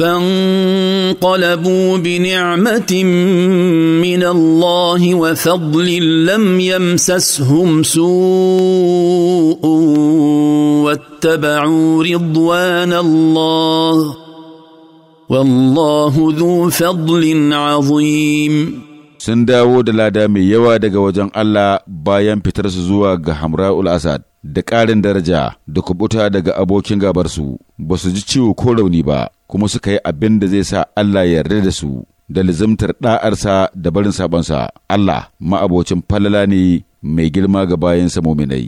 فانقلبوا بنعمه من الله وفضل لم يمسسهم سوء واتبعوا رضوان الله والله ذو فضل عظيم sun dawo da lada mai yawa daga wajen Allah bayan fitar su zuwa ga ul Asad da ƙarin daraja da kubuta daga abokin gabarsu ba su ji ciwo ko rauni ba kuma suka yi abin da zai sa Allah ya yarda da su da lizimtar ɗa'arsa da barin sabonsa Allah ma'abocin falala ne mai girma ga bayansa muminai.